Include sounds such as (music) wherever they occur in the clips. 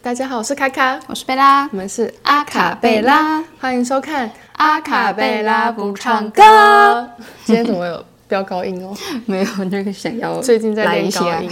大家好，我是卡卡，我是貝拉，我們是阿卡貝拉，歡迎收看《阿卡貝拉不唱歌》。今天怎麼有飆高音哦？沒有，那個想要最近在練高音。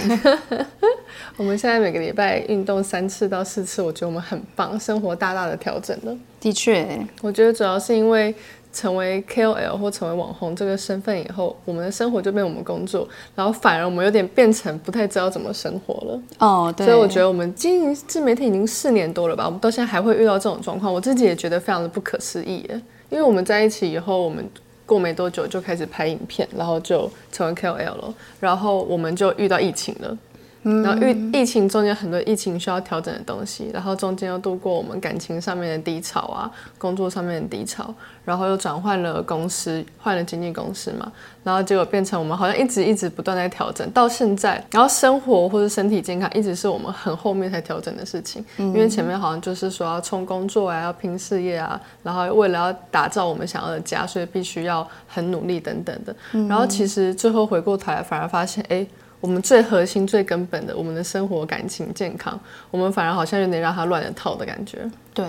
(laughs) 我們現在每個禮拜運動三次到四次，我覺得我們很棒，生活大大的調整了。的確、欸，我覺得主要是因為。成為 KOL 或成為網紅這個身份以後，我們的生活就被我們工作，然後反而我們有點變成不太知道怎麼生活了。哦，oh，對。所以我覺得我們經營自媒體已經四年多了吧，我們到現在還會遇到這種狀況，我自己也覺得非常的不可思議耶。因為我們在一起以後，我們過沒多久就開始拍影片，然後就成為 KOL 了，然後我們就遇到疫情了。然後疫疫情中間很多疫情需要調整的東西，然後中間又度過我們感情上面的低潮啊，工作上面的低潮，然後又轉換了公司，換了經紀公司嘛，然後結果變成我們好像一直一直不斷在調整到現在，然後生活或者身體健康一直是我們很後面才調整的事情，嗯，因為前面好像就是說要衝工作啊，要拼事業啊，然後為了要打造我們想要的家，所以必須要很努力等等的，嗯，然後其實最後回過頭來反而發現，哎。我們最核心、最根本的，我們的生活、感情、健康，我們反而好像有點讓它亂了套的感覺。對，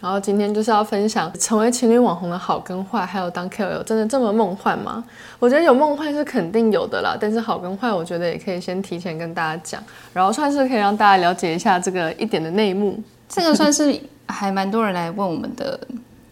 然後今天就是要分享成為情侶網紅的好跟壞，還有當 KOL 真的這麼夢幻嗎？我覺得有夢幻是肯定有的啦，但是好跟壞，我覺得也可以先提前跟大家講，然後算是可以讓大家了解一下這個一點的內幕。這個算是還蠻多人來問我們的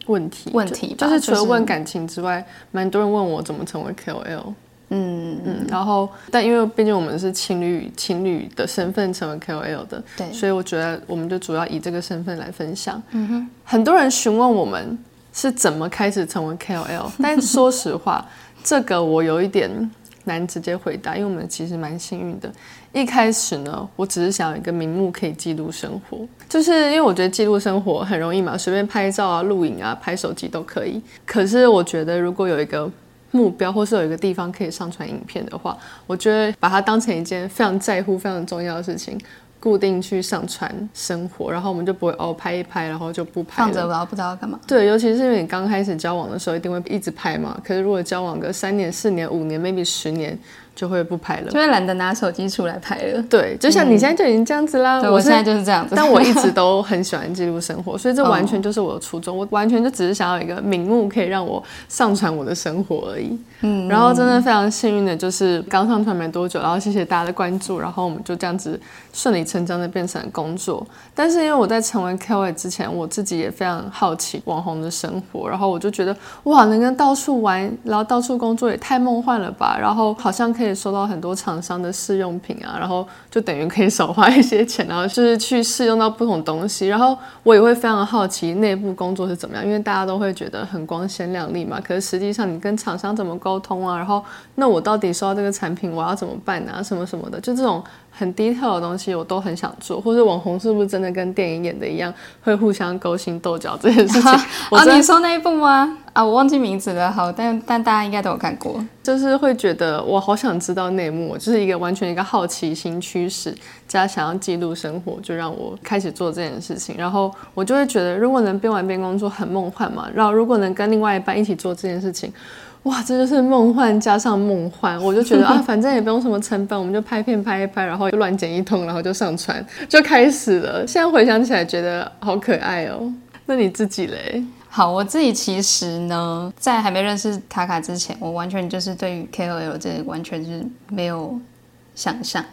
問題，嗯、問題吧，就是除了問感情之外，就是、蠻多人問我怎麼成為 KOL。嗯嗯，然後，但因為畢竟我們是情侶情侶的身份成為 KOL 的，對，所以我覺得我們就主要以這個身份來分享。嗯哼，很多人詢問我們是怎麼開始成為 KOL， (laughs) 但說實話，這個我有一點難直接回答，因為我們其實蠻幸運的。一開始呢，我只是想要一個名目可以記錄生活，就是因為我覺得記錄生活很容易嘛，隨便拍照啊、錄影啊、拍手機都可以。可是我覺得如果有一個目標，或是有一個地方可以上傳影片的話，我覺得把它當成一件非常在乎、非常重要的事情，固定去上傳生活，然後我們就不會哦，拍一拍，然後就不拍了。放着不不知道要幹嘛。對，尤其是因為你剛開始交往的時候，一定會一直拍嘛。可是如果交往個三年、四年、五年，maybe 十年。就會不拍了，就會懶得拿手機出來拍了。對，就像你現在就已經這樣子啦，嗯，我對，我現在就是這樣子。但我一直都很喜歡記錄生活，所以這完全就是我的初衷。哦、我完全就只是想要有一個名目可以讓我上傳我的生活而已。嗯，然後真的非常幸運的就是剛上傳沒多久，然後謝謝大家的關注，然後我們就這樣子順理成章的變成了工作。但是因為我在成為 KOL 之前，我自己也非常好奇網紅的生活，然後我就覺得哇，能夠到處玩，然後到處工作也太夢幻了吧。然後好像可以。收到很多廠商的試用品啊，然後就等於可以少花一些錢，然後就是去試用到不同東西。然後我也會非常好奇內部工作是怎麼樣，因為大家都會覺得很光鮮亮麗嘛。可是實際上，你跟廠商怎麼溝通啊？然後那我到底收到這個產品，我要怎麼辦啊？什麼什麼的，就這種很低調的東西，我都很想做。或者網紅是不是真的跟電影演的一樣，會互相勾心鬥角這件事情？啊，啊，你說內部嗎？啊，我忘記名字了，好，但但大家應該都有看過，就是會覺得我好想知道內幕，就是一個完全一個好奇心驅使，加想要記錄生活，就讓我開始做這件事情。然後我就會覺得，如果能邊玩邊工作，很夢幻嘛。然後如果能跟另外一半一起做這件事情，哇，這就是夢幻加上夢幻，我就覺得啊， (laughs) 反正也不用什麼成本，我們就拍片拍一拍，然後就亂剪一通，然後就上傳，就開始了。現在回想起來，覺得好可愛哦。那你自己嘞？好，我自己其實呢，在還沒認識卡卡之前，我完全就是對於 KOL 這個完全是沒有想象，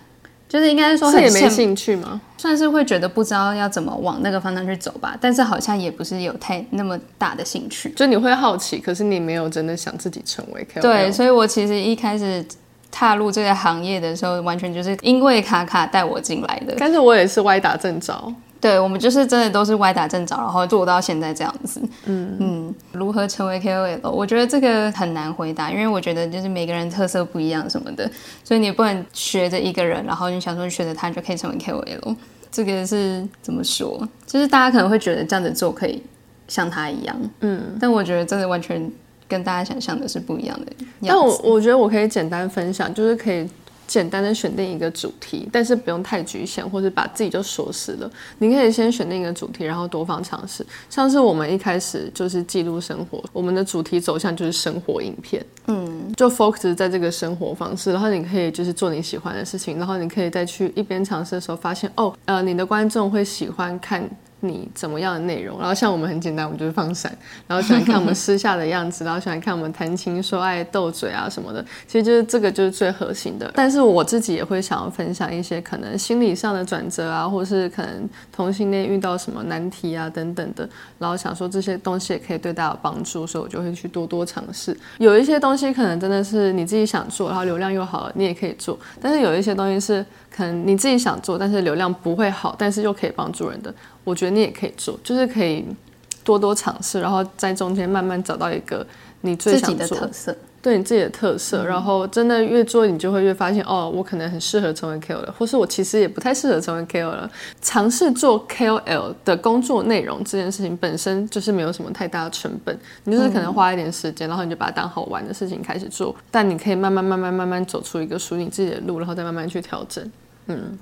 就是應該是說他也沒興趣嗎？算是會覺得不知道要怎麼往那個方向去走吧，但是好像也不是有太那麼大的興趣，就你會好奇，可是你沒有真的想自己成為 KOL。對，所以我其實一開始踏入這個行業的時候，完全就是因為卡卡帶我進來的，但是我也是歪打正着。對，我們就是真的都是歪打正着，然後做到現在這樣子。嗯嗯，如何成為 KOL？我覺得這個很難回答，因為我覺得就是每個人特色不一樣什麼的，所以你不能學着一個人，然後你想說學着他就可以成為 KOL。這個是怎麼說？就是大家可能會覺得這樣子做可以像他一樣，嗯，但我覺得真的完全跟大家想象的是不一樣的樣子。但我我覺得我可以簡單分享，就是可以。簡單的選定一個主題，但是不用太局限，或是把自己就鎖死了。你可以先選定一個主題，然後多方嘗試。像是我們一開始就是記錄生活，我們的主題走向就是生活影片，嗯，就 focus 在這個生活方式。然後你可以就是做你喜歡的事情，然後你可以再去一邊嘗試的時候發現，哦，呃，你的觀眾會喜歡看。你怎麼樣的內容？然後像我們很簡單，我們就是放閃，然後喜歡看我們私下的樣子， (laughs) 然後喜歡看我們談情說愛、鬥嘴啊什麼的。其實就是這個，就是最核心的。但是我自己也會想要分享一些可能心理上的轉折啊，或是可能同性戀遇到什麼難題啊等等的。然後想說這些東西也可以對大家有幫助，所以我就會去多多嘗試。有一些東西可能真的是你自己想做，然後流量又好了，你也可以做。但是有一些東西是可能你自己想做，但是流量不會好，但是又可以幫助人的。我覺得你也可以做，就是可以多多嘗試，然後在中間慢慢找到一個你最想做的自己的特色，對，你自己的特色，嗯。然後真的越做你就會越發現，哦，我可能很適合成為 KOL 了，或是我其實也不太適合成為 KOL 了。嘗試做 KOL 的工作內容這件事情本身就是沒有什麼太大的成本，你就是可能花一點時間，嗯，然後你就把它當好玩的事情開始做。但你可以慢慢慢慢慢慢走出一個屬於你自己的路，然後再慢慢去調整，嗯。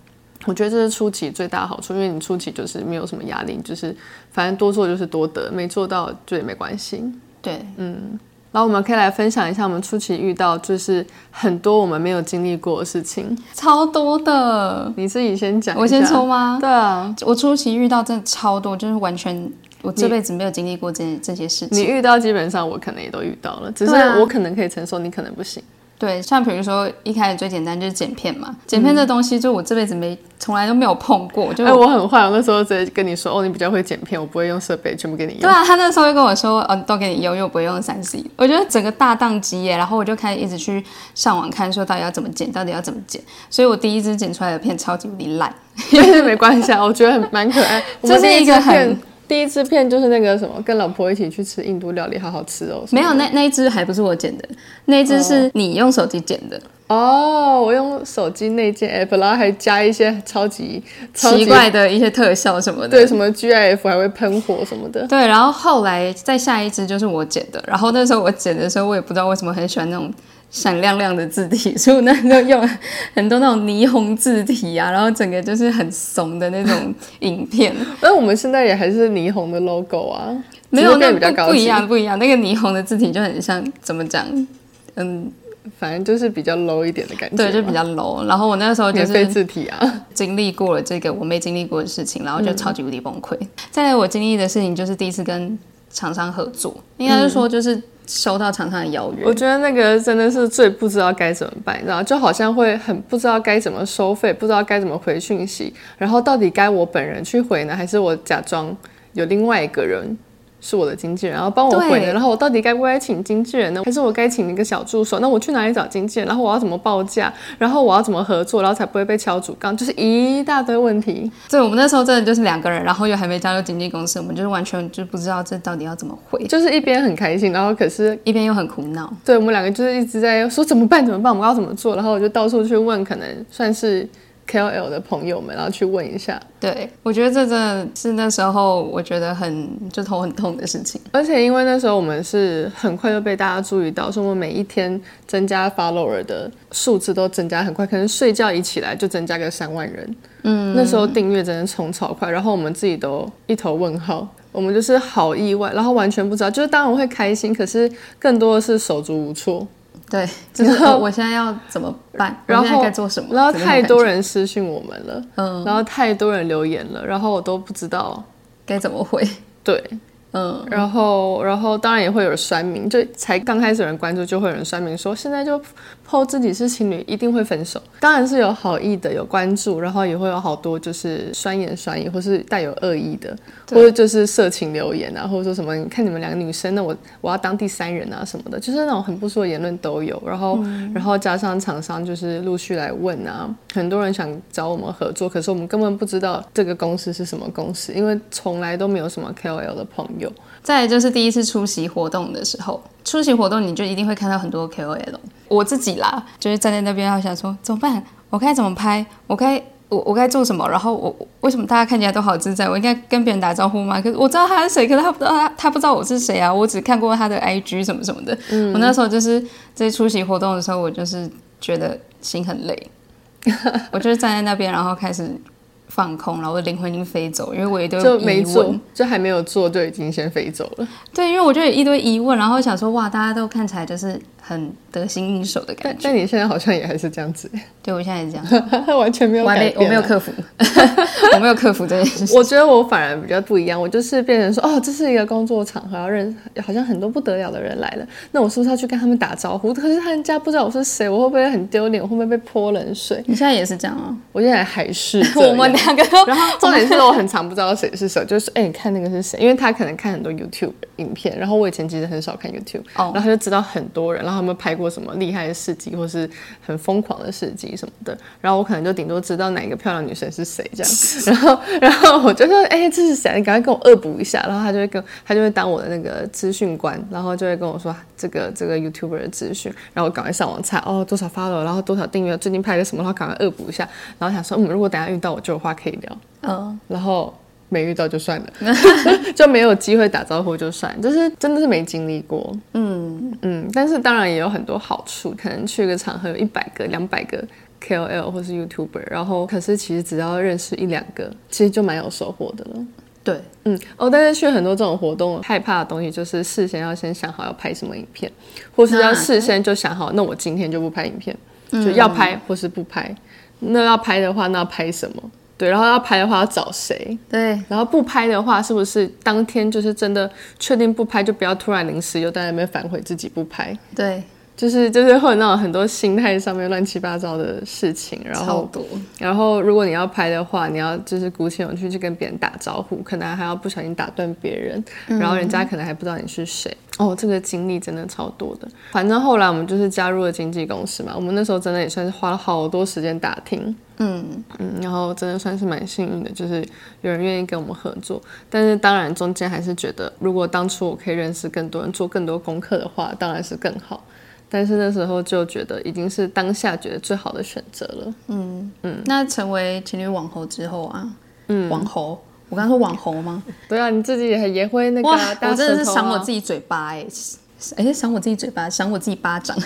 我覺得這是初期最大的好處，因為你初期就是沒有什麼壓力，就是反正多做就是多得，沒做到就也沒關係。對，嗯。然後我們可以來分享一下我們初期遇到就是很多我們沒有經歷過的事情，超多的。你自己先講，我先抽嗎？對啊，我初期遇到真的超多，就是完全我這輩子沒有經歷過這這些事情。你遇到基本上我可能也都遇到了，只是我可能可以承受，啊、你可能不行。對，像比如說一開始最簡單就是剪片嘛，嗯、剪片這東西就我這輩子沒從來都沒有碰過就。哎，我很壞，我那時候直接跟你說，哦，你比較會剪片，我不會用設備，全部給你用。對啊，他那時候就跟我說，哦，都給你用，又不會用三 C，我覺得整個大當機耶。然後我就開始一直去上網看，說到底要怎麼剪，到底要怎麼剪。所以我第一支剪出來的片超級無敵爛，但是沒關係啊，我覺得很蠻可愛，這是一個很。第一支片就是那個什麼，跟老婆一起去吃印度料理，好好吃哦。沒有，那那一支還不是我剪的，那一支是你用手機剪的哦。Oh. Oh, 我用手機那件 app 啦，還加一些超級，超級奇怪的一些特效什麼的。對，什麼 GIF 還會噴火什麼的。 (laughs) 對，然後後來再下一支就是我剪的。然後那時候我剪的時候，我也不知道為什麼很喜歡那種。閃亮亮的字體，所以我那時候用很多那種霓虹字體啊，然後整個就是很慫的那種影片。那 (laughs) 我們現在也還是霓虹的 logo 啊，比較高，沒有那個不、不一樣，不一樣。那個霓虹的字體就很像，怎麼講？嗯，反正就是比較 low 一點的感覺，對，就比較 low。然後我那時候就是字體啊，經歷過了這個我沒經歷過的事情，然後就超級無敵崩潰、嗯。再來我經歷的事情就是第一次跟廠商合作，應該是說就是。嗯收到長長的邀約，我覺得那個真的是最不知道該怎麼辦，你知道，就好像會很不知道該怎麼收費，不知道該怎麼回訊息，然後到底該我本人去回呢？還是我假裝有另外一個人？是我的經紀人，然後幫我回的，然後我到底該不該請經紀人呢？還是我該請一個小助手？那我去哪裡找經紀人？然後我要怎麼報價？然後我要怎麼合作？然後才不會被敲竹槓？就是一大堆問題。對，我們那時候真的就是兩個人，然後又還沒加入經紀公司，我們就是完全就不知道這到底要怎麼回，就是一邊很開心，然後可是一邊又很苦惱。對，我們兩個就是一直在說怎麼辦怎麼辦，我們要怎麼做？然後我就到處去問，可能算是。KOL 的朋友們，然後去問一下。對，我覺得這真的是那時候我覺得很就頭很痛的事情。而且因為那時候我們是很快就被大家注意到，說我們每一天增加 follower 的數字都增加很快，可是睡覺一起來就增加個三萬人。嗯，那時候訂閱真的衝超快，然後我們自己都一頭問號，我們就是好意外，然後完全不知道，就是當然會開心，可是更多的是手足無措。對，然後就是，哦，我現在要怎麼辦？然後該做什麼？然後太多人私信我們了，嗯，然後太多人留言了，然後我都不知道該怎麼回。對，嗯，然後，然後當然也會有人酸民，就才剛開始有人關注，就會有人酸民說現在就。後自己是情侶一定會分手，當然是有好意的，有關注，然後也會有好多就是酸言酸語，或是帶有惡意的，或者就是色情留言啊，或者說什麼，看你們兩個女生，那我我要當第三人啊什麼的，就是那種很不錯的言論都有。然後、嗯，然後加上廠商就是陸續來問啊，很多人想找我們合作，可是我們根本不知道這個公司是什麼公司，因為從來都沒有什麼 KOL 的朋友。再來就是第一次出席活動的時候，出席活動你就一定會看到很多 KOL。我自己啦，就是站在那邊，要想說怎麼辦？我該怎麼拍？我該我我該做什麼？然後我，我為什麼大家看起來都好自在？我應該跟別人打招呼嗎？可是我知道他是誰，可是他不知道他他不知道我是誰啊！我只看過他的 IG 什麼什麼的。嗯。我那時候就是在出席活動的時候，我就是覺得心很累， (laughs) 我就是站在那邊，然後開始。放空，然後我的靈魂已經飛走了，因為我一堆就沒做，就還沒有做就已經先飛走了。對，因為我就有一堆疑問，然後想說，哇，大家都看起來就是，很得心應手的感覺，但你現在好像也還是這樣子。對，我現在也是這樣， (laughs) 完全沒有感覺，我沒有克服， (laughs) 我沒有克服這件事。 (laughs) 我覺得我反而比較不一樣，我就是變成說，哦，這是一個工作場合，要認，好像很多不得了的人來了，那我是不是要去跟他們打招呼？可是他們家不知道我是誰，我會不會很丟臉？我會不會被潑冷水？你現在也是這樣啊？我現在還是 (laughs) 我們兩個然然。然後重點是， (laughs) 我很常不知道誰是誰，就是哎，你、欸、看那個是誰？因為他可能看很多 YouTube 影片，然後我以前其實很少看 YouTube，然後他就知道很多人。Oh. 然後他們拍過什麼厲害的事蹟，或是很瘋狂的事蹟什麼的。然後我可能就頂多知道哪一個漂亮女生是誰這樣。 (laughs) 然後，然後我就說：“哎、欸，這是誰？你趕快給我惡補一下。”然後他就會跟，他就會當我的那個資訊官，然後就會跟我說這個這個 YouTuber 的資訊，然後我趕快上網查哦多少 follow，然後多少訂閱，最近拍個什麼，然後趕快惡補一下。然後想說，嗯，如果等下遇到我就有話可以聊。嗯、oh.，然後。沒遇到就算了 (laughs) (laughs) 就沒有機會打招呼就算，就是真的是沒經歷過。嗯嗯，但是當然也有很多好處，可能去個場合有一百個、兩百個 KOL 或是 YouTuber，然後可是其實只要認識一兩個，其實就蠻有收穫的了。對，嗯哦，但是去很多這種活動，害怕的東西就是事先要先想好要拍什麼影片，或是要事先就想好，那，那我今天就不拍影片，就要拍或是不拍，嗯、那要拍的話，那要拍什麼？對，然後要拍的話要找誰？對，然後不拍的話，是不是當天就是真的確定不拍，就不要突然臨時又在那邊反悔自己不拍？對。就是就是會有那種很多心態上面亂七八糟的事情，然後然後如果你要拍的話，你要就是鼓起勇氣去跟別人打招呼，可能還要不小心打斷別人，嗯，然後人家可能還不知道你是誰，嗯，哦。這個經歷真的超多的。反正後來我們就是加入了經紀公司嘛，我們那時候真的也算是花了好多時間打聽，嗯嗯，然後真的算是蠻幸運的，就是有人願意跟我們合作。但是當然中間還是覺得，如果當初我可以認識更多人，做更多功課的話，當然是更好。但是那時候就覺得已經是當下覺得最好的選擇了。嗯嗯。那成為情侶網紅之後啊，嗯、網紅，我剛剛說網紅嗎？對啊，你自己也很也會那個、啊啊。我真的是賞我自己嘴巴哎、欸，誒、欸，賞我自己嘴巴，賞我自己巴掌， (laughs)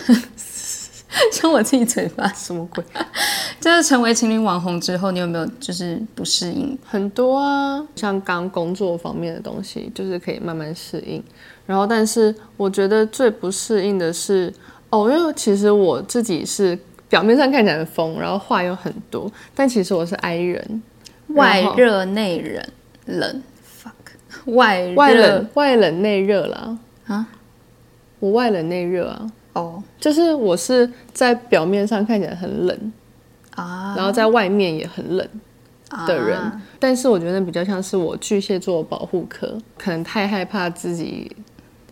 賞我自己嘴巴，什麼鬼、啊？ (laughs) 就是成為情侶網紅之後，你有沒有就是不適應？很多啊，像剛工作方面的東西，就是可以慢慢適應。然後，但是我覺得最不適應的是。哦、oh,，因為其實我自己是表面上看起來很瘋，然後話又很多，但其實我是 I 人，外熱內冷。冷，fuck，外熱外冷外冷內熱啦啊，huh? 我外冷內熱啊，哦、oh.，就是我是在表面上看起來很冷啊，oh. 然後在外面也很冷的人，oh. 但是我覺得比較像是我巨蟹座保護殼，可能太害怕自己。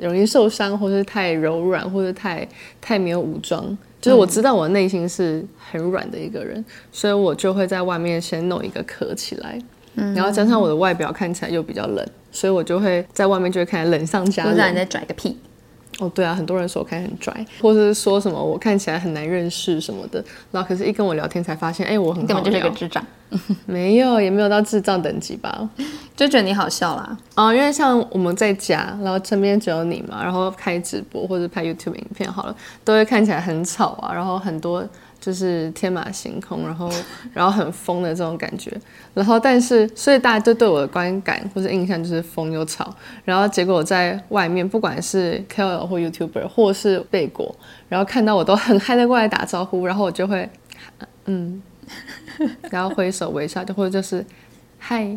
容易受傷，或是太柔軟，或是太太沒有武裝。就是我知道我內心是很軟的一個人、嗯，所以我就會在外面先弄一個殼起來，嗯、然後加上我的外表看起來又比較冷，所以我就會在外面就會看起來冷上加冷。我在拽個屁。哦，對啊，很多人說我看很拽，或是說什麼我看起來很難認識什麼的，然後可是，一跟我聊天才發現，哎，我很好聊。根本就是一個智障， (laughs) 沒有，也沒有到智障等級吧，就覺得你好笑啦。哦，因為像我們在家，然後身邊只有你嘛，然後開直播或者拍 YouTube 影片好了，都會看起來很吵啊，然後很多。就是天馬行空，然後然後很瘋的這種感覺，然後但是所以大家就對我的觀感或者印象就是瘋又吵，然後結果我在外面不管是 KOL 或 YouTuber 或是貝果，然後看到我都很嗨的過來打招呼，然後我就會嗯，然後揮手微笑，就或者就是嗨，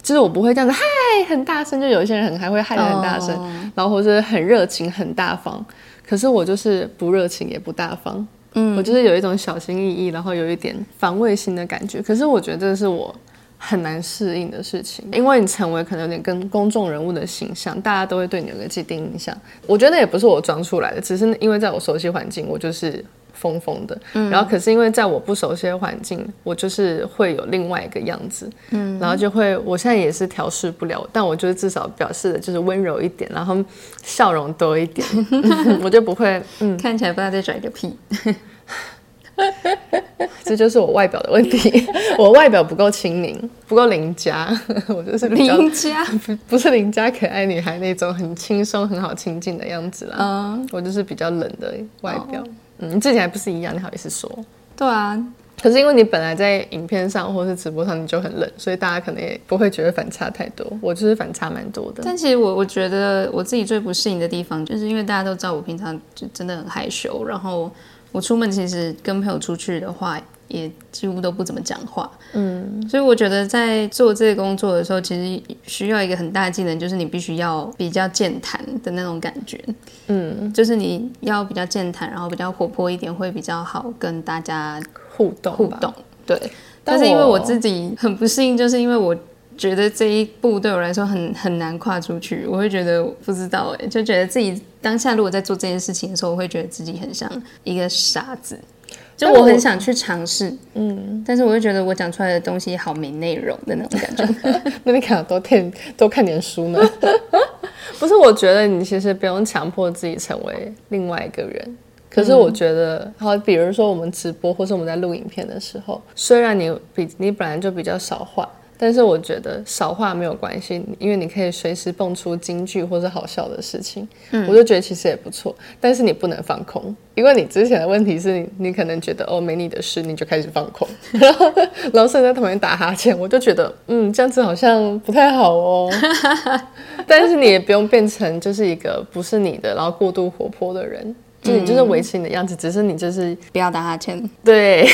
就是我不會這樣子嗨很大聲，就有一些人很嗨會嗨的很大聲，oh. 然後或者很熱情很大方，可是我就是不熱情也不大方。嗯，我就是有一種小心翼翼，然後有一點防衛心的感覺。可是我覺得這是我很難適應的事情，因為你成為可能有點跟公眾人物的形象，大家都會對你有個既定印象。我覺得那也不是我裝出來的，只是因為在我熟悉環境，我就是。瘋瘋的，然後可是因為，在我不熟悉的環境，嗯，我就是會有另外一個樣子，嗯，然後就會，我現在也是調適不了，但我就是至少表示的就是溫柔一點，然後笑容多一點， (laughs) (laughs) 我就不會，嗯，看起來不知道在拽個屁， (laughs) 這就是我外表的問題，我外表不夠親民，不夠鄰家， (laughs) 我就是鄰家不 (laughs) 不是鄰家可愛女孩那種很輕鬆很好親近的樣子啦，哦，我就是比較冷的外表。哦嗯，自己還不是一樣，你好意思說？對啊，可是因為你本來在影片上或是直播上你就很冷，所以大家可能也不會覺得反差太多。我就是反差蠻多的。但其實我我覺得我自己最不適應的地方，就是因為大家都知道我平常就真的很害羞，然後我出門其實跟朋友出去的話。也幾乎都不怎麼講話，嗯，所以我覺得在做這個工作的時候，其實需要一個很大的技能，就是你必須要比較健談的那種感覺，嗯，就是你要比較健談，然後比較活潑一點會比較好跟大家互動互動。對，但是因為我自己很不適應，就是因為我覺得這一步對我來說很很難跨出去，我會覺得不知道哎，就覺得自己當下如果在做這件事情的時候，我會覺得自己很像一個傻子。就我很想去嘗試，嗯，但是我又覺得我講出來的東西好沒內容的那種感覺。 (laughs) (laughs) 那你可能多聽、多看點書呢？ (laughs) 不是，我覺得你其實不用強迫自己成為另外一個人。可是我覺得，嗯、好，比如說我們直播，或是我們在錄影片的時候，雖然你比你本來就比較少話。但是我覺得少話沒有關係，因為你可以隨時蹦出金句或者好笑的事情，嗯。我就覺得其實也不錯。但是你不能放空，因為你之前的問題是你，你可能覺得哦，沒你的事，你就開始放空， (laughs) 然後老是在旁邊打哈欠。我就覺得嗯，這樣子好像不太好哦。 (laughs) 但是你也不用變成就是一個不是你的，然後過度活潑的人。就你就是維持你的樣子，嗯、只是你就是不要打哈欠。對，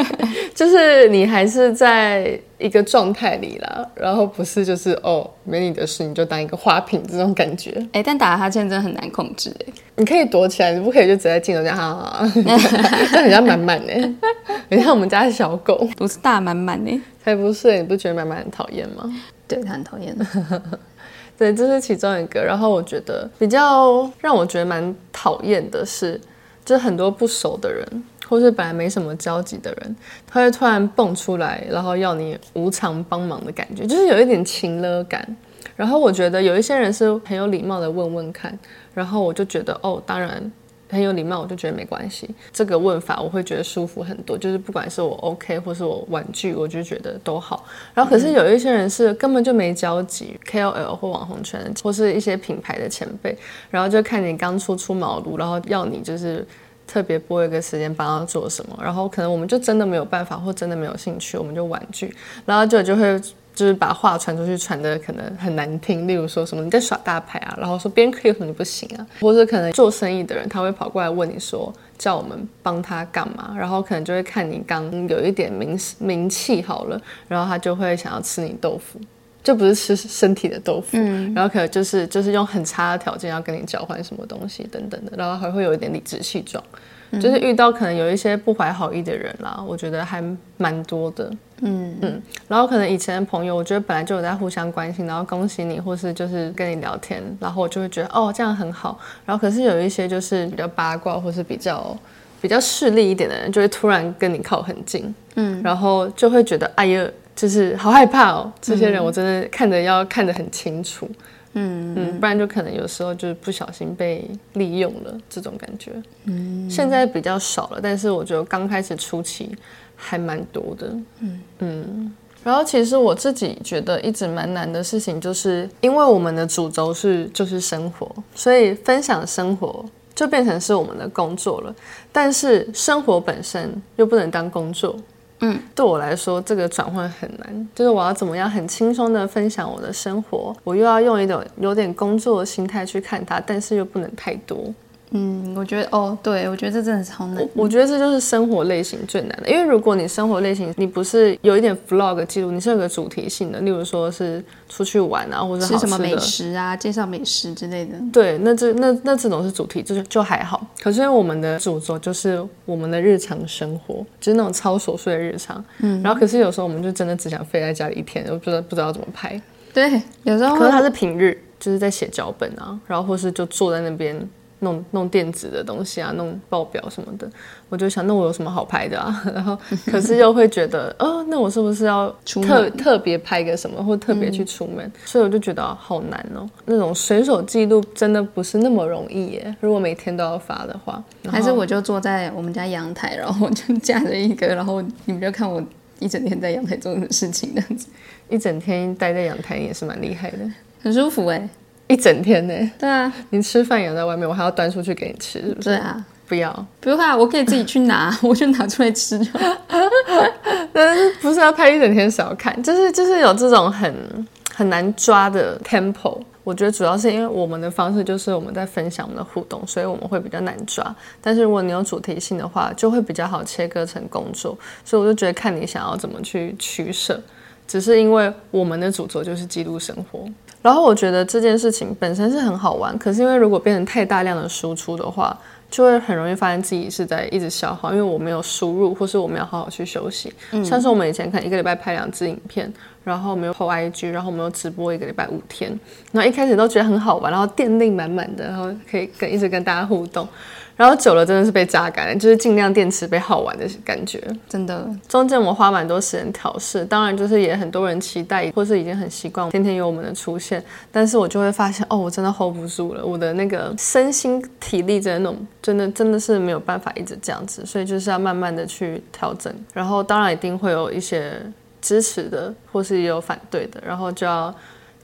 (laughs) 就是你還是在一個狀態裡啦，然後不是就是哦，沒你的事，你就當一個花瓶這種感覺。哎、欸，但打哈欠真的很難控制哎、欸。你可以躲起來，你不可以就直接在鏡頭家哈哈。呵呵但人家滿滿哎，你 (laughs) 看我們家小狗不是大滿滿哎，才不是！你不覺得滿滿很討厭嗎？對，他很討厭 (laughs) 對，這、就是其中一個。然後我覺得比較讓我覺得蠻討厭的是，就是很多不熟的人，或是本來沒什麼交集的人，他會突然蹦出來，然後要你無償幫忙的感覺，就是有一點情勒感。然後我覺得有一些人是很有禮貌的問問看，然後我就覺得哦，當然。很有禮貌，我就覺得沒關係。這個問法我會覺得舒服很多，就是不管是我 OK，或是我婉拒，我就覺得都好。然後，可是有一些人是根本就沒交集，KOL 或網紅圈，或是一些品牌的前輩，然後就看你剛初出茅廬，然後要你就是特別撥一個時間幫他做什麼，然後可能我們就真的沒有辦法，或真的沒有興趣，我們就婉拒，然後就就會。就是把話傳出去，傳得可能很難聽。例如說什麼你在耍大牌啊，然後說別人可以，你不行啊，或者可能做生意的人他會跑過來問你說，叫我們幫他幹嘛？然後可能就會看你剛有一點名名氣好了，然後他就會想要吃你豆腐，就不是吃身體的豆腐，嗯，然後可能就是就是用很差的條件要跟你交換什麼東西等等的，然後還會有一點理直氣壯。就是遇到可能有一些不懷好意的人啦，嗯、我覺得還蠻多的。嗯嗯，然後可能以前的朋友，我覺得本來就有在互相關心，然後恭喜你，或是就是跟你聊天，然後我就會覺得哦，這樣很好。然後可是有一些就是比較八卦或是比較比較勢利一點的人，就會突然跟你靠很近。嗯，然後就會覺得哎呀，就是好害怕哦。這些人我真的看得要看得很清楚。嗯嗯嗯，不然就可能有時候就不小心被利用了，這種感覺。嗯，現在比較少了，但是我覺得剛開始初期還蠻多的。嗯嗯，然後其實我自己覺得一直蠻難的事情，就是因為我們的主軸是就是生活，所以分享生活就變成是我們的工作了，但是生活本身又不能當工作。嗯，對我來說，這個轉換很難。就是我要怎麼樣很輕鬆的分享我的生活，我又要用一種有點工作的心態去看它，但是又不能太多。嗯，我覺得哦，對，我覺得這真的是好難。我我覺得這就是生活類型最難的，因為如果你生活類型你不是有一點 vlog 記錄，你是有個主題性的，例如說是出去玩啊，或者吃，吃什麼美食啊，介紹美食之類的。對，那這那那這種是主題，就是就還好。可是因為我們的主作就是我們的日常生活，就是那種超瑣碎的日常。嗯。然後可是有時候我們就真的只想廢在家裡一天，我不知道不知道怎麼拍。對，有時候。可是他是平日就是在寫腳本啊，然後或是就坐在那邊。弄弄電子的東西啊，弄報表什麼的，我就想，那我有什麼好拍的啊？然後可是又會覺得， (laughs) 哦，那我是不是要特出門特別拍個什麼，或特別去出門？嗯、所以我就覺得好難哦，那種隨手記錄真的不是那麼容易耶。如果每天都要發的話，還是我就坐在我們家陽台，然後就架着一個，然後你們就看我一整天在陽台做的事情那樣子，一整天待在陽台也是蠻厲害的，很舒服哎、欸。一整天呢、欸？對啊，你吃飯也在外面，我還要端出去給你吃，是不是？對啊，不要，不用啊，我可以自己去拿， (laughs) 我就拿出來吃就。 (laughs) (laughs) 不是要拍一整天，少看，就是就是有這種很很難抓的 tempo。我覺得主要是因為我們的方式就是我們在分享我們的互動，所以我們會比較難抓。但是如果你有主題性的話，就會比較好切割成工作。所以我就覺得看你想要怎麼去取舍。只是因為我們的主軸就是記錄生活。然後我覺得這件事情本身是很好玩，可是因為如果變成太大量的輸出的話，就會很容易發現自己是在一直消耗，因為我沒有輸入，或是我沒有好好去休息。嗯、像是我們以前可能一個禮拜拍兩支影片，然後我們又 PO IG，然後我們直播一個禮拜五天，然後一開始都覺得很好玩，然後電力滿滿的，然後可以跟一直跟大家互動。然後久了真的是被榨乾了，就是盡量電池被耗完的感覺。真的，中間我花蠻多時間調試，當然就是也很多人期待，或是已經很習慣天天有我們的出現。但是我就會發現，哦，我真的 hold 不住了，我的那個身心體力真的真的真的是沒有辦法一直這樣子，所以就是要慢慢的去調整。然後當然一定會有一些支持的，或是也有反對的，然後就要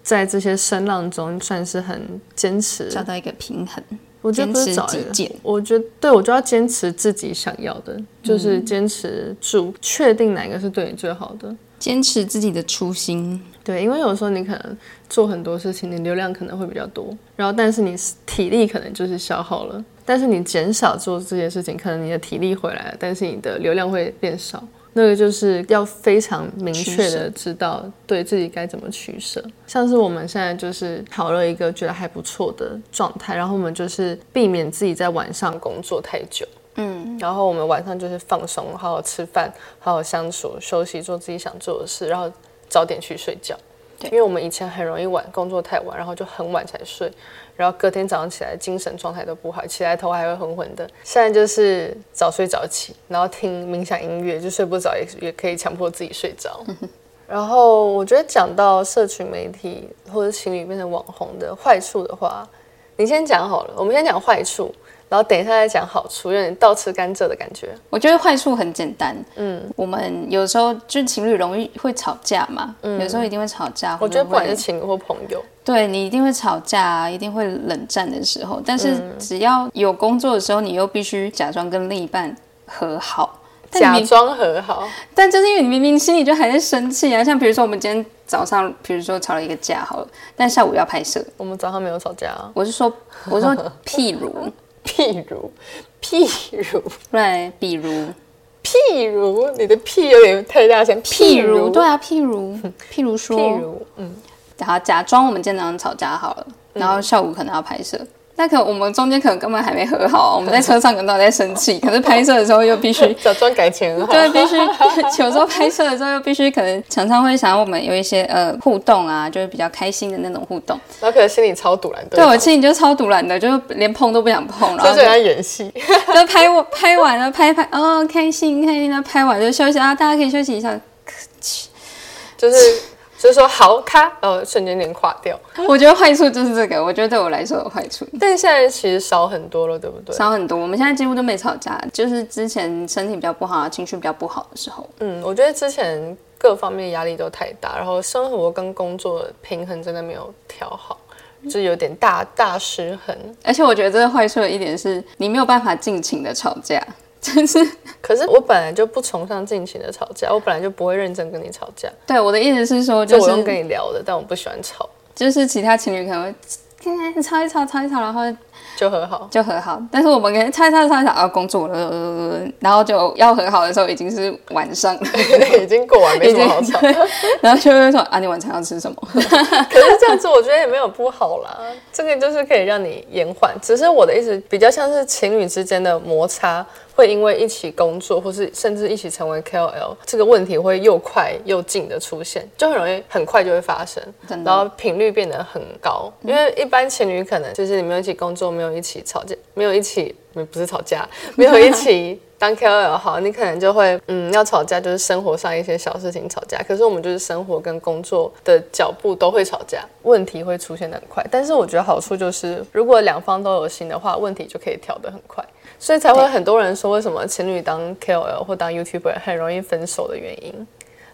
在這些聲浪中算是很堅持，找到一個平衡。我這不是找借口，我覺得對，我就要堅持自己想要的，嗯、就是堅持住，確定哪個是對你最好的，堅持自己的初心。對，因為有時候你可能做很多事情，你流量可能會比較多，然後但是你體力可能就是消耗了，但是你減少做這件事情，可能你的體力回來了，但是你的流量會變少。那個就是要非常明確的知道對自己該怎麼取捨，像是我們現在就是討論一個覺得還不錯的狀態，然後我們就是避免自己在晚上工作太久，嗯，然後我們晚上就是放鬆，好好吃飯，好好相處，休息，做自己想做的事，然後早點去睡覺，對，因為我們以前很容易晚工作太晚，然後就很晚才睡。然後隔天早上起來精神狀態都不好，起來頭還會昏昏的。現在就是早睡早起，然後聽冥想音樂，就睡不着也也可以強迫自己睡着。 (laughs) 然後我覺得講到社群媒體或者情侶變成網紅的壞處的話，你先講好了，我們先講壞處，然後等一下再講好處，有點倒吃甘蔗的感覺。我覺得壞處很簡單，嗯，我們有時候就情侶容易會吵架嘛，嗯，有時候一定會吵架。我覺得不管是情侶或朋友。對，你一定會吵架啊，一定會冷戰的時候。但是只要有工作的時候，你又必須假裝跟另一半和好，假裝和好。但就是因為你明明心裡就還在生氣啊。像比如說我們今天早上，比如說吵了一個架，好了，但下午要拍攝。我們早上沒有吵架啊。我是說，我說，譬如，譬 (laughs) 如，譬如，對、right，比如，譬如，你的“屁”有點太大聲。譬如，譬如，對啊，譬如，譬如說，譬如，嗯。然後假裝我們今天早上吵架好了，嗯，然後下午可能要拍攝，那可我們中間可能根本還沒和好， (laughs) 我們在車上可能都在生氣，可是拍攝的時候又必須假裝感情好，對，必須有時候拍攝的時候又必須可能常常會想要我們有一些呃互動啊，就是比較開心的那種互動，然後可能心裡超賭爛的，對我心裡就超賭爛的，就連碰都不想碰，跟他演戲，都拍完拍完了拍拍，哦開心開心，開心拍完就休息啊，然後大家可以休息一下，就是。 (laughs) 所以說好，好咖，然後瞬間有點垮掉。我覺得壞處就是這個，我覺得對我來說有壞處，但是現在其實少很多了，對不對？少很多，我們現在幾乎都沒吵架，就是之前身體比較不好，情緒比較不好的時候。嗯，我覺得之前各方面壓力都太大，然後生活跟工作的平衡真的沒有調好，就有點大，嗯、大失衡。而且我覺得這個壞處的一點是你沒有辦法盡情的吵架。就是， (laughs) 可是我本來就不崇尚盡情的吵架，我本來就不會認真跟你吵架。對，我的意思是說、就是，就我用跟你聊的，但我不喜歡吵。就是其他情侶可能會天天、欸、吵、吵、吵一吵，吵一吵，然後就和好，就和好。但是我們跟吵一吵，吵一吵，啊，工作了、呃，然後就要和好的時候已經是晚上了， (laughs) 已經過完沒什麼好吵。然後就會說啊，你晚餐要吃什麼？ (laughs) 可是這樣子我覺得也沒有不好啦，這個就是可以讓你延緩。只是我的意思比較像是情侶之間的摩擦。會因為一起工作，或是甚至一起成為 KOL，這個問題會又快又近的出現，就很容易很快就會發生，然後頻率變得很高。因為一般情侶可能就是你沒有一起工作，沒有一起吵架，沒有一起不是吵架，沒有一起當 KOL 好， (laughs) 你可能就會嗯要吵架，就是生活上一些小事情吵架。可是我們就是生活跟工作的腳步都會吵架，問題會出現得很快。但是我覺得好處就是，如果兩方都有心的話，問題就可以調得很快。所以才會很多人說，為什麼情侶當 KOL 或當 YouTuber 很容易分手的原因，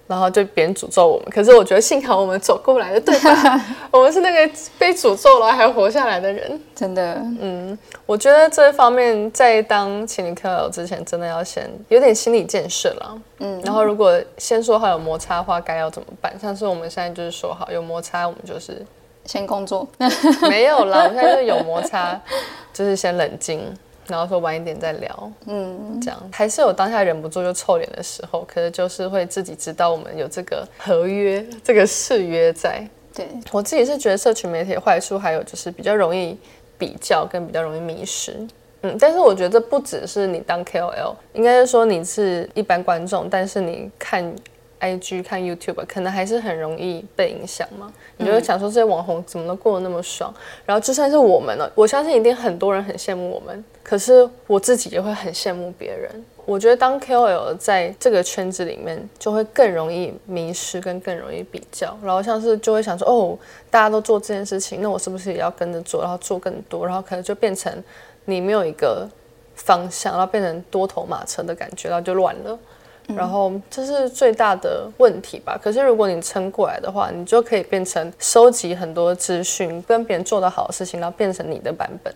然後就別人詛咒我們。可是我覺得幸好我們走過來了，對吧？我們是那個被詛咒了還活下來的人。真的，嗯，我覺得這方面在當情侶 KOL 之前，真的要先有點心理建設了。嗯，然後如果先說好有摩擦的話，該要怎麼辦？像是我們現在就是說好有摩擦，我們就是先工作。沒有啦，我現在就是有摩擦，就是先冷靜。然後說晚一點再聊。嗯，這樣還是有當下忍不住就臭臉的時候，可是就是會自己知道我們有這個合約，嗯、這個誓約在。對，我自己是覺得社群媒體的壞處還有就是比較容易比較跟比較容易迷失，嗯，但是我覺得不只是你當 KOL，應該是說你是一般觀眾，但是你看。I G 看 YouTube 可能還是很容易被影響嘛？你就會想說這些網紅怎麼能過得那麼爽？嗯。然後就算是我們了，我相信一定很多人很羨慕我們。可是我自己也會很羨慕別人。我覺得當 K O L 在這個圈子裡面，就會更容易迷失，跟更容易比較。然後像是就會想說，哦，大家都做這件事情，那我是不是也要跟着做？然後做更多，然後可能就變成你沒有一個方向，然後變成多頭馬車的感覺，然後就亂了。然後這是最大的問題吧？可是如果你撐過來的話，你就可以變成收集很多資訊，跟別人做的好的事情，然後變成你的版本。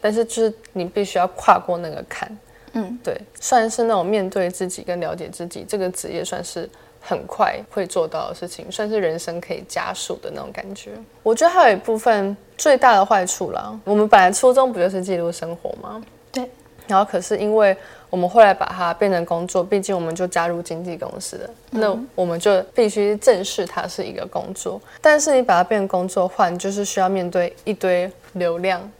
但是就是你必須要跨過那個坎，嗯，對，算是那種面對自己跟了解自己這個職業，算是很快會做到的事情，算是人生可以加速的那種感覺。我覺得還有一部分最大的壞處啦，我們本來初衷不就是記錄生活嗎？對，然後可是因為。我們後來把它變成工作，畢竟我們就加入經紀公司了，那我們就必須正視它是一個工作。但是你把它變成工作，換就是需要面對一堆流量、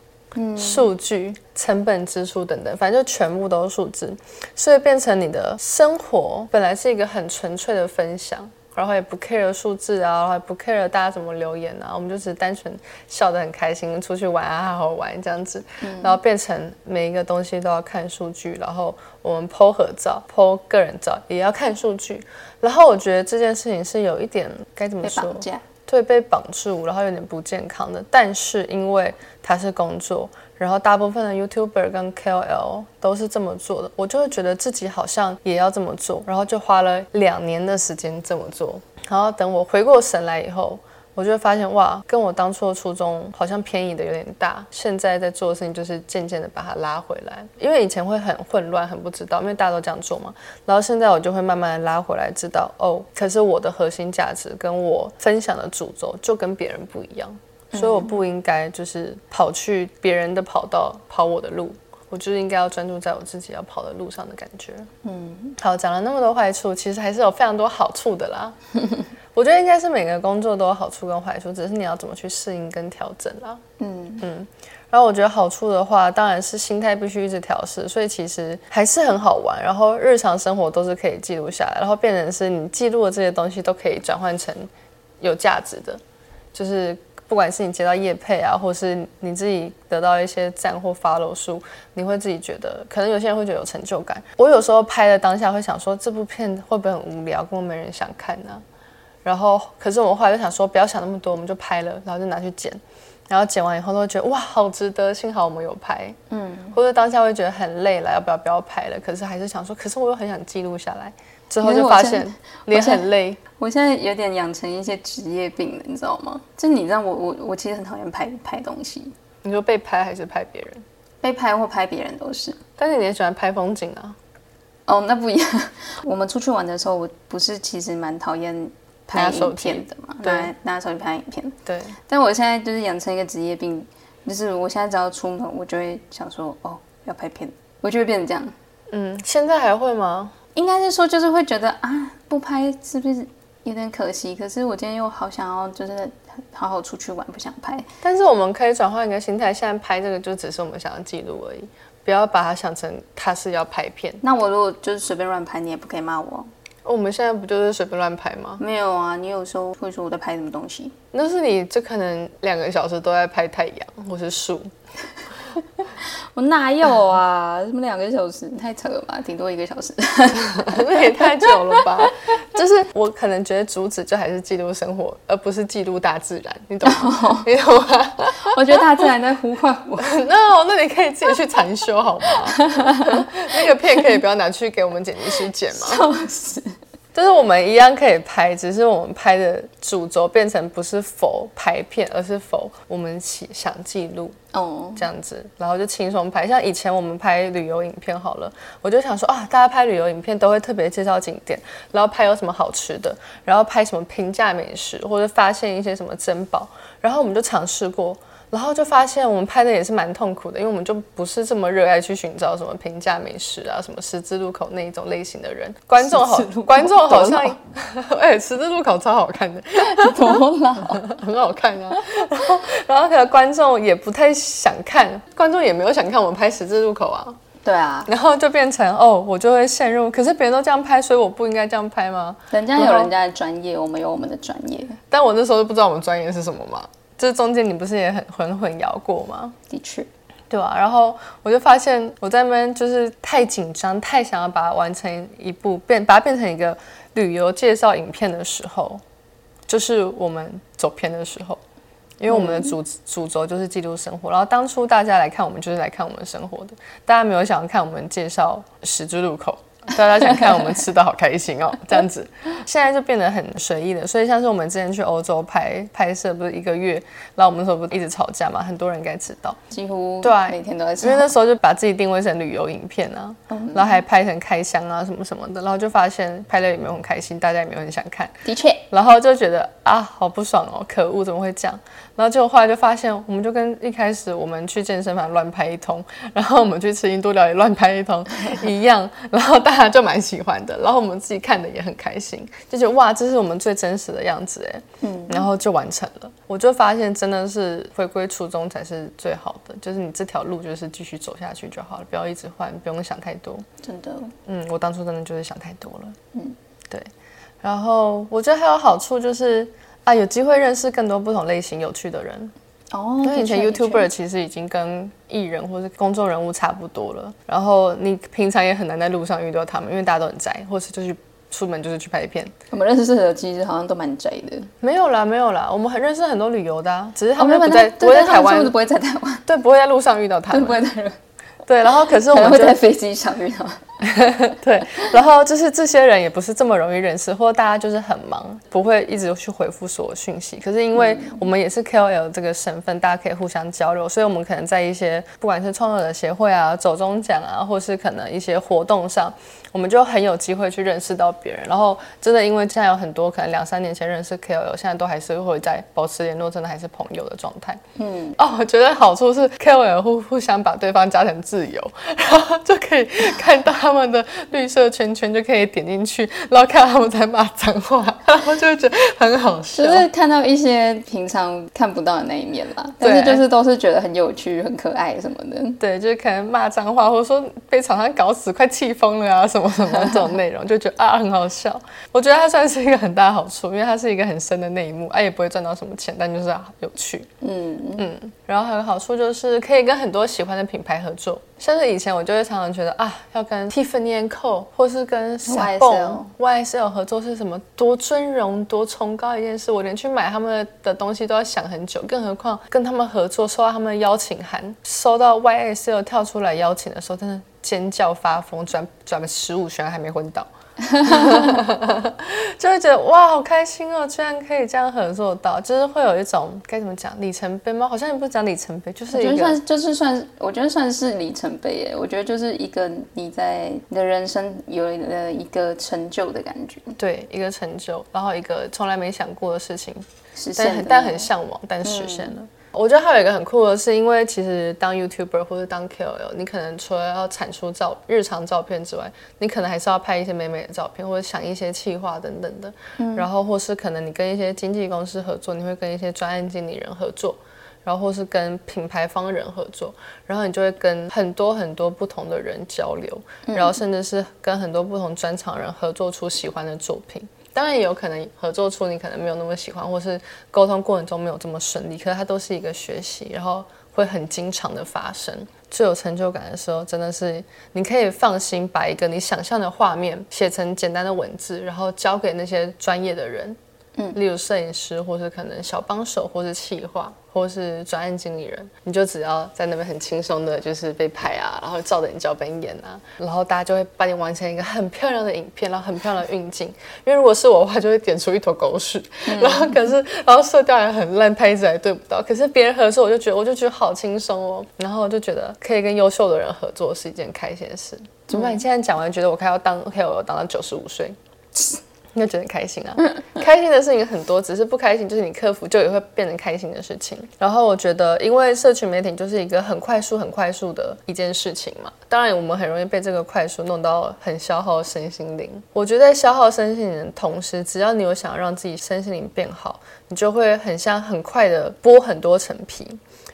數據、成本支出等等，反正就全部都是數字，所以變成你的生活本來是一個很純粹的分享。然後也不 care 數字啊，然後也不 care 大家怎麼留言啊，我們就只是單純笑得很開心，出去玩啊，好好玩這樣子，嗯。然後變成每一個東西都要看數據，然後我們 po 合照、po 個人照也要看數據。然後我覺得這件事情是有一點該怎麼說，被綁架。對，被綁住，然後有點不健康的。但是因為他是工作。然後大部分的 YouTuber 跟 KOL 都是這麼做的，我就會覺得自己好像也要這麼做，然後就花了兩年的時間這麼做。然後等我回過神來以後，我就會發現哇，跟我當初的初衷好像偏移的有點大。現在在做的事情就是漸漸的把它拉回來，因為以前會很混亂，很不知道，因為大家都這樣做嘛。然後現在我就會慢慢的拉回來，知道哦，可是我的核心價值跟我分享的主軸就跟別人不一樣。所以我不應該就是跑去別人的跑道、嗯、跑我的路，我就是應該要專注在我自己要跑的路上的感覺。嗯，好，講了那麼多壞處，其實還是有非常多好處的啦。呵呵，我覺得應該是每個工作都有好處跟壞處，只是你要怎麼去適應跟調整啦。嗯嗯，然後我覺得好處的話，當然是心態必須一直調適，所以其實還是很好玩。然後日常生活都是可以記錄下來，然後變成是你記錄的這些東西都可以轉換成有價值的，就是。不管是你接到業配啊，或是你自己得到一些讚或 follow 數，你會自己覺得，可能有些人會覺得有成就感。我有時候拍的當下會想說，這部片會不會很無聊，根本沒人想看呢、啊？然後，可是我們後來就想說，不要想那麼多，我們就拍了，然後就拿去剪，然後剪完以後都會覺得，哇，好值得，幸好我們有拍，嗯。或者當下會覺得很累了，要不要不要拍了？可是還是想說，可是我又很想記錄下來，之後就發現臉很累。我現在有點養成一些職業病了，你知道嗎？就你知道我我我其實很討厭拍拍東西。你說被拍還是拍別人？被拍或拍別人都是。但是你也喜歡拍風景啊？哦、oh，那不一樣。 (laughs) 我們出去玩的時候，我不是其實蠻討厭拍拿手機影片的嘛。對，拿，拿手機拍影片。對。但我現在就是養成一個職業病，就是我現在只要出門，我就會想說哦，要拍片，我就會變成這樣。嗯，現在還會嗎？應該是說就是會覺得啊，不拍是不是？有點可惜，可是我今天又好想要，就是好好出去玩，不想拍。但是我們可以轉換一個心態，現在拍這個就只是我們想要記錄而已，不要把它想成它是要拍片。那我如果就是隨便亂拍，你也不可以罵我。我們現在不就是隨便亂拍嗎？沒有啊，你有時候會說我在拍什麼東西？那是你這可能兩個小時都在拍太陽或是樹。 (laughs) 我哪有啊？什麼兩個小時太扯了吧？頂多一個小時， (laughs) 那也太久了吧？就是我可能覺得主旨就還是記錄生活，而不是記錄大自然，你懂嗎？沒有啊，我覺得大自然在呼喚我。那、 (laughs) no, 那你可以自己去禪修，好不好？ (laughs) (laughs) 那個片可以不要拿去給我們剪輯師剪嗎？就是我們一樣可以拍，只是我們拍的主軸變成不是 for 拍片，而是 for 我們一起想記錄哦、oh. 這樣子，然後就輕鬆拍。像以前我們拍旅遊影片好了，我就想說啊，大家拍旅遊影片都會特別介紹景點，然後拍有什麼好吃的，然後拍什麼平價美食或者發現一些什麼珍寶，然後我們就嘗試過。然後就發現我們拍的也是蠻痛苦的，因為我們就不是這麼熱愛去尋找什麼平價美食啊，什麼十字路口那一種類型的人。觀眾好，觀眾好像哎、 (laughs) 欸，十字路口超好看的，多老， (laughs) 很好看啊。然後，然後可能觀眾也不太想看，觀眾也沒有想看我們拍十字路口啊。對啊，然後就變成哦，我就會陷入，可是別人都這樣拍，所以我不應該這樣拍嗎？人家有人家的專業，我們有我們的專業。但我那時候就不知道我們專業是什麼嘛。這中間你不是也很混混搖過嗎？的確，對吧、啊？然後我就發現我在那邊就是太緊張，太想要把它完成一部變把它變成一個旅遊介紹影片的時候，就是我們走偏的時候，因為我們的主主、嗯、軸就是記錄生活。然後當初大家來看我們，就是來看我們生活的，大家沒有想要看我們介紹十字路口。大 (laughs) 家，啊，想看我們吃的好開心哦，這樣子，現在就變得很隨意的。所以像是我們之前去歐洲拍、拍攝，不是一個月，然後我們那時候不是一直吵架嘛，很多人應該知道，幾乎。對，每天都在，啊，因為那時候就把自己定位成旅遊影片啊，嗯，然後還拍成開箱啊什麼什麼的，然後就發現拍了也沒有很開心，大家也沒有很想看，的確，然後就覺得啊，好不爽哦，可惡，怎麼會這樣？然後結果後來就發現，我們就跟一開始我們去健身房亂拍一通，然後我們去吃印度料理也亂拍一通一樣，然後大家就蠻喜歡的。然後我們自己看的也很開心，就覺得哇，這是我們最真實的樣子哎。嗯，然後就完成了。我就發現真的是回歸初衷才是最好的，就是你這條路就是繼續走下去就好了，不要一直換，不用想太多。真的，嗯，我當初真的就是想太多了。嗯，對。然後我覺得還有好處就是。啊，有機會認識更多不同類型有趣的人哦。因為以前 YouTuber 其實已經跟藝人或是公眾人物差不多了，然後你平常也很難在路上遇到他們，因為大家都很宅，或是就是出門就是去拍片。我們認識的其實好像都蠻宅的。沒有啦，沒有啦，我們很認識很多旅遊的、啊，只是他們、哦、不在，不在台灣，不會在台灣，對，不會在路上遇到他們，他們不會在對，然後可是我們會在飛機上遇到。 (laughs) 對，然後就是這些人也不是這麼容易認識，或者大家就是很忙，不會一直去回復所有訊息。可是因為我們也是 KOL 這個身份、嗯，大家可以互相交流，所以我們可能在一些不管是創作者協會啊、走鐘獎啊，或是可能一些活動上。我們就很有機會去認識到別人，然後真的因為現在有很多可能兩三年前認識 KOL 現在都還是會在保持聯絡，真的還是朋友的狀態。嗯哦，我覺得好處是 KOL 互互相把對方加成自由，然後就可以看到他們的綠色圈圈，就可以點進去，然後看到他們在罵髒話，然後就覺得很好笑。就是看到一些平常看不到的那一面嘛，但是就是都是覺得很有趣、很可愛什麼的。對，對就是可能罵髒話，或者說被廠商搞死，快氣瘋了啊什麼。什麼什麼這種內容，就覺得啊，很好笑。我覺得它算是一個很大的好處，因為它是一個很深的內幕，啊也不會賺到什麼錢，但就是、啊、有趣。嗯嗯。然後還有個好處就是可以跟很多喜歡的品牌合作，像是以前我就會常常覺得啊，要跟 Tiffany and Co. 或是跟 YSL YSL 合作是什麼多尊榮多崇高一件事，我連去買他們的東西都要想很久，更何況跟他們合作，收到他們的邀請函，收到 YSL 跳出來邀請的時候，真的。尖叫發瘋，轉轉了十五圈還沒昏倒， (laughs) (laughs) 就會覺得哇，好開心哦、喔！居然可以這樣合作到，就是會有一種該怎麼講里程碑嗎？好像也不是講里程碑，就是我覺得算,、就是、算就是算，我覺得算是里程碑耶。我覺得就是一個你在你的人生有了一個成就的感覺，對，一個成就，然後一個從來沒想過的事情實現但，但很向往，但實現了。嗯我覺得還有一個很酷的是，因為其實當 YouTuber 或者當 KOL，你可能除了要產出照日常照片之外，你可能還是要拍一些美美的照片，或者想一些企劃等等的。然後，或是可能你跟一些經紀公司合作，你會跟一些專案經理人合作，然後或是跟品牌方人合作，然後你就會跟很多很多不同的人交流，然後甚至是跟很多不同專場人合作出喜歡的作品。當然也有可能合作出你可能沒有那麼喜歡，或是溝通過程中沒有這麼順利，可是它都是一個學習，然後會很經常的發生。最有成就感的時候，真的是你可以放心把一個你想象的畫面寫成簡單的文字，然後交給那些專業的人，嗯，例如攝影師，或是可能小幫手，或是企劃。或是專案經理人，你就只要在那邊很輕鬆的，就是被拍啊，然後照着你腳本演啊，然後大家就會把你完成一個很漂亮的影片，然後很漂亮的運鏡。因為如果是我的話，就會點出一坨狗屎，然後可是，然後色調也很爛，拍子還對不到。可是別人合作，我就覺得，我就覺得好輕鬆哦，然後就覺得可以跟優秀的人合作是一件開心的事。怎麼辦？你現在講完，覺得我快要當，我要當到九十五歲？應該覺得開心啊，開心的事情很多，只是不開心就是你克服，就也會變成開心的事情。然後我覺得，因為社群媒體就是一個很快速、很快速的一件事情嘛。當然，我們很容易被這個快速弄到很消耗的身心靈。我覺得在消耗身心靈的同時，只要你有想要讓自己身心靈變好，你就會很像很快的剝很多層皮，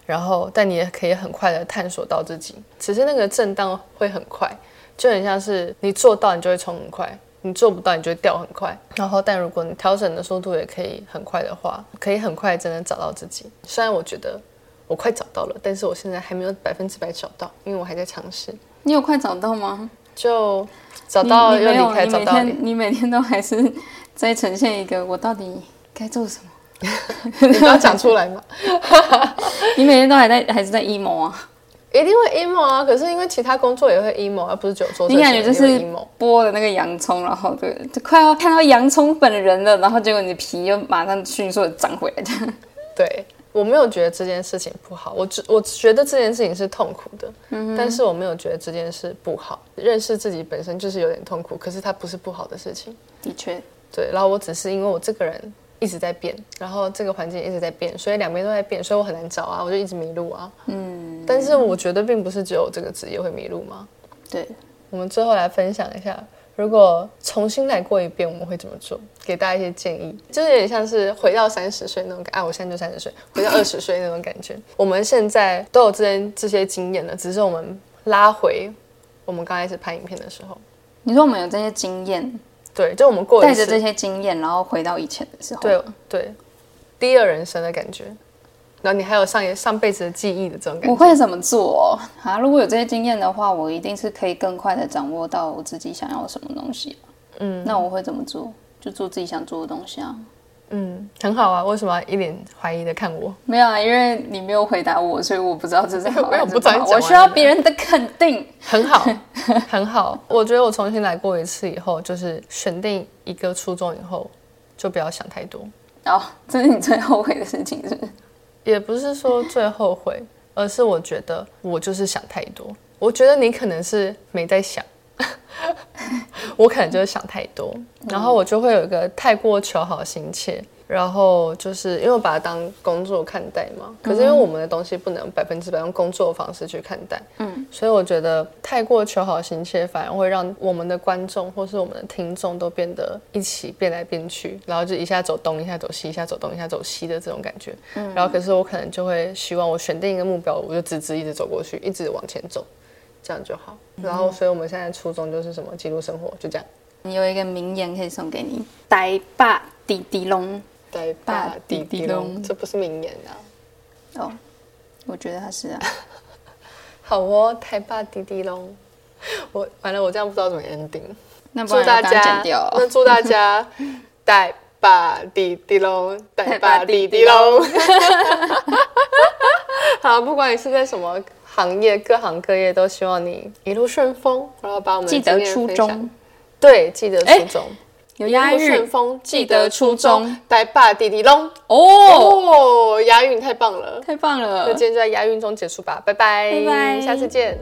然後但你也可以很快的探索到自己。只是那個震盪會很快，就很像是你做到，你就會衝很快。你做不到，你就會掉很快。然後，但如果你調整的速度也可以很快的話，可以很快真的找到自己。雖然我覺得我快找到了，但是我現在還沒有百分之百找到，因為我還在嘗試。你有快找到嗎？就找到要離開，找到你，你，你，你，每天你每天都還是在呈現一個我到底該做什麼？ (laughs) 你要講出來嗎？ (laughs) 你每天都還在還是在 emo 啊？一定會 emo 啊！可是因為其他工作也會 emo，而、啊、不是酒做。你感覺就是 emo 剝的那個洋蔥，然後對，就快要看到洋蔥本人了，然後結果你的皮又馬上迅速的長回來呵呵，對，我沒有覺得這件事情不好，我只我覺得這件事情是痛苦的、嗯，但是我沒有覺得這件事不好。認識自己本身就是有點痛苦，可是它不是不好的事情。的確，對。然後我只是因為我這個人，一直在變，然後這個環境一直在變，所以兩邊都在變，所以我很難找啊，我就一直迷路啊。嗯，但是我覺得並不是只有這個職業會迷路嘛。對，我們最後來分享一下，如果重新來過一遍，我們會怎麼做？給大家一些建議，就是有點像是回到三十歲那種，哎、啊，我現在就三十歲，回到二十歲那種感覺。 (laughs) 我們現在都有這些這些經驗了，只是我們拉回我們剛開始拍影片的時候。你說我們有這些經驗？對，就我們過一次帶着這些經驗，然後回到以前的時候，對對，第二人生的感覺。然後你還有上一上輩子的記憶的這種感覺。我會怎麼做啊？如果有這些經驗的話，我一定是可以更快地掌握到我自己想要什麼東西。嗯，那我會怎麼做？就做自己想做的東西啊。嗯，很好啊。為什麼一臉懷疑的看我？沒有啊，因為你沒有回答我，所以我不知道這是好還是不好。我需要別人的肯定。很好， (laughs) 很好。我覺得我重新來過一次以後，就是選定一個初衷以後，就不要想太多。哦，這是你最後悔的事情是不是？也不是說最後悔，而是我覺得我就是想太多。我覺得你可能是沒在想。 (laughs) 我可能就是想太多、嗯，然後我就會有一個太過求好心切，然後就是因為我把它當工作看待嘛。可是因為我們的東西不能百分之百用工作的方式去看待，嗯，所以我覺得太過求好心切，反而會讓我們的觀眾或是我們的聽眾都變得一起變來變去，然後就一下走東，一下走西，一下走東，一下走西的這種感覺、嗯。然後可是我可能就會希望我選定一個目標，我就直直一直走過去，一直往前走。這樣就好、嗯，然後所以我們現在初衷就是什麼記錄生活，就這樣。你有一個名言可以送給你，台霸弟弟龍，台霸弟弟龍。這不是名言啊？哦，我覺得它是啊。 (laughs) 好哦，台霸迪迪龍，我完了，反正我這樣不知道怎麼 ending。那不剪掉祝大家，那祝大家， (laughs) 台把滴滴龍，台把滴滴龍。 (laughs) 好，不管你是在什麼。行業各行各業都希望你一路順風，然後把我們記得初衷。對，記得初衷。有押韻，順風，記得初衷，拜拜，弟弟龍。哦，哦押韻，太棒了，太棒了。那今天就在押韻中結束吧，拜拜，拜拜下次見。